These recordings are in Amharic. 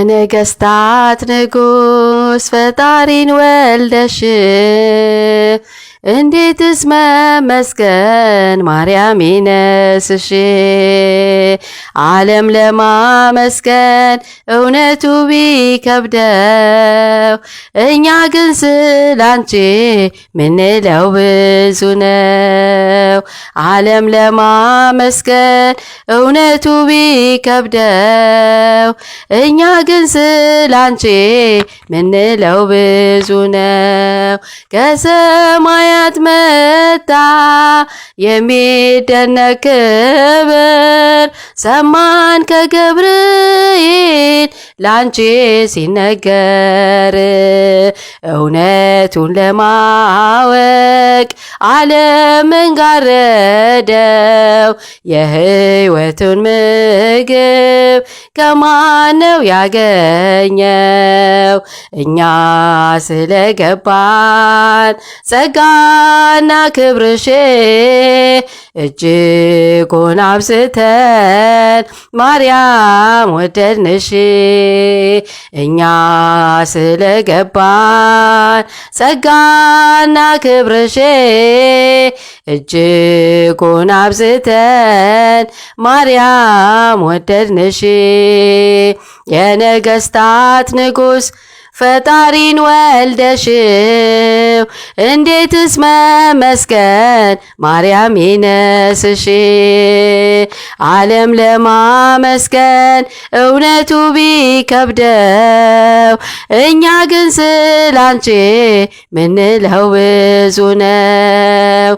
የነገስታት ንጉስ ፈጣሪን ወልደሽ እንዴትስ መመስገን ማርያም ይነስሽ ዓለም ለማመስገን እውነቱ ቢከብደው እኛ ግን ስላንቺ ምንለው ብዙ ነው። ዓለም ለማመስገን እውነቱ ቢከብደው እኛ ግን ስላንቺ ምንለው ብዙ ነው ከሰማያት መጣ የሚደነቅ ክብር ሰማን ከገብርኤል ላንቺ ሲነገር እውነቱን ለማወቅ ዓለምን ጋረደው የሕይወቱን ምግብ ከማነው ያገኘው? እኛ ስለገባን ጸጋና ክብርሽን እጅጉን አብዝተን ማርያም ወደድንሽ እኛ ስለገባን ጸጋና ክብርሽ እጅጉን አብዝተን ማርያም ወደድንሽ የነገስታት ንጉስ ፈጣሪን ወልደሽው እንዴትስ መመስገን ማርያም ይነስሽ ዓለም ለማመስገን እውነቱ ቢከብደው እኛ ግን ስላንቺ ምንለው ብዙ ነው።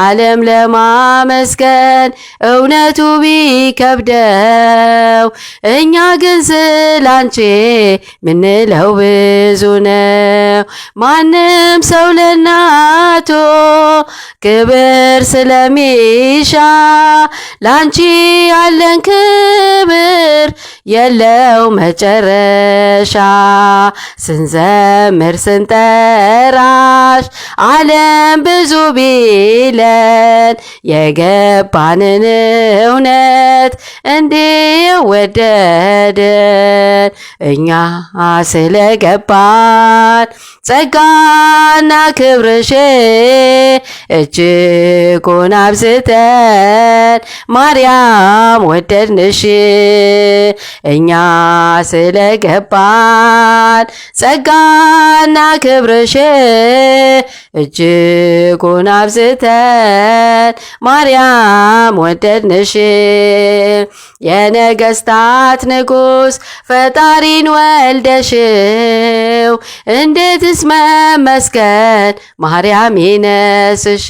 ዓለም ለማመስገን እውነቱ ቢከብደው እኛ ግን ስላንቺ ምንለው ብዙ ነው። ማንም ሰው ለናቶ ክብር ስለሚሻ ላንቺ ያለን ክብር የለው መጨረሻ ስንዘምር ስንጠራሽ ዓለም ብዙ ቢለን የገባንን እውነት እንዲህ ወደደን እኛ ስለገባን ጸጋና ክብርሽ እጅጉን አብዝተን ማርያም ወደድንሽ። እኛ ስለገባን ጸጋና ክብርሽ እጅጉን አብዝተን ማርያም ወደድንሽ። የነገስታት ንጉስ ፈጣሪን ወልደሽ እንዴትስ መመስገን ማርያም ይነስሽ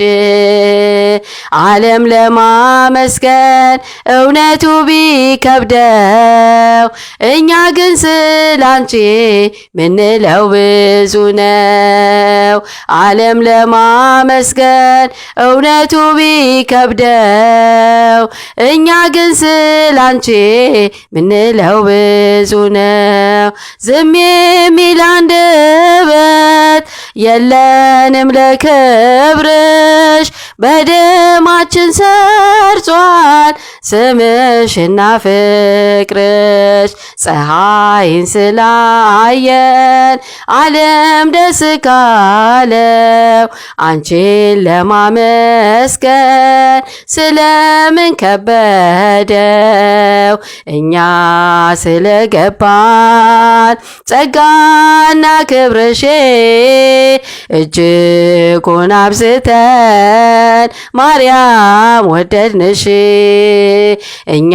ዓለም ለማመስገን እውነቱ ቢከብደው እኛ ግን ስላንቺ ምንለው ብዙ ነው። ዓለም ለማመስገን እውነቱ ቢከብደው እኛ ግን ስላንቺ ምንለው ብዙ ነው። ዝም የሚል አንድ አንደበት የለንም ለክብርሽ በደማችን ሰርጿል ስምሽና ፍቅርሽ ፀሐይን ስላየን ዓለም ደስ ካለው አንቺን ለማመስገን ስለምን ከበደው እኛ ስለገባን ጸጋና ክብርሽ እጅጉን አብዝተን ብለን ማርያም ወደድንሽ እኛ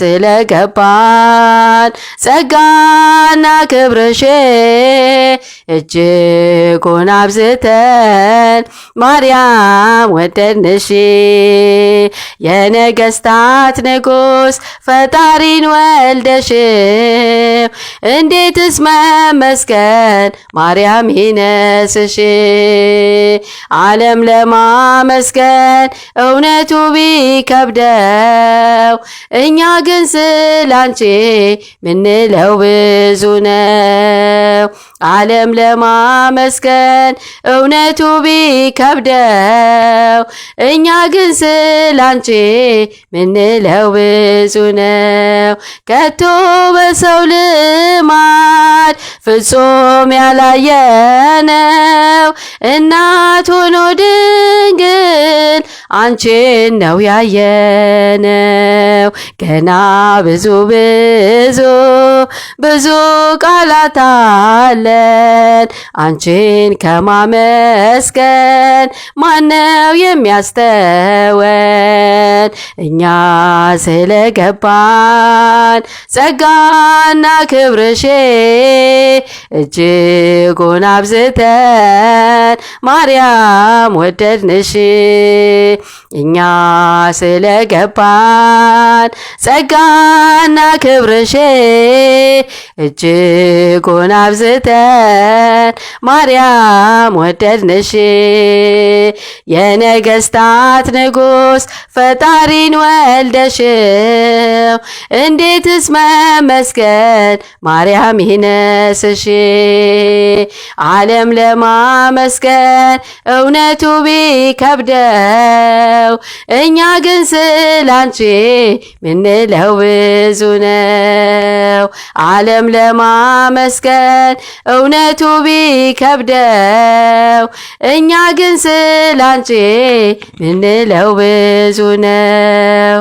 ስለገባን ጸጋና ክብርሽ እጅጉን አብዝተን ማርያም ወደንሽ የነገስታት ንጉስ ፈጣሪን ወልደሽ እንዴትስ መመስገን ማርያም ይነስሽ ዓለም ለማመስገን እውነቱ ቢከብደው እኛ ግን ስላንቺ ምንለው ብዙ ነው። ዓለም ለማመስገን እውነቱ ቢከብደው እኛ ግን ስላንቺ ምንለው ብዙ ነው። ከቶ በሰው ልማድ ፍጹም ያላየነው እናት ሆኖ ድንግል አንቺን ነው ያየነው ገና ብዙ ብዙ ብዙ ቃላት አለን አንቺን ከማመስገን ማነው የሚያስተወን እኛ ስለገባን ጸጋና ክብርሼ እጅጉን አብዝተን ማርያም ወደድንሽ እኛ ስለገባን ጸጋና ክብርሽ እጅጉን አብዝተን ማርያም ወደድንሽ። የነገስታት ንጉስ ፈጣሪን ወልደሽው እንዴትስ መመስገን ማርያም ይነስሽ። ዓለም ለማመስገን እውነቱ ቢከብደን ነው። እኛ ግን ስላንቺ ምንለው ብዙ ነው። ዓለም ለማመስገን እውነቱ ቢከብደው፣ እኛ ግን ስላንቺ ምንለው ብዙ ነው።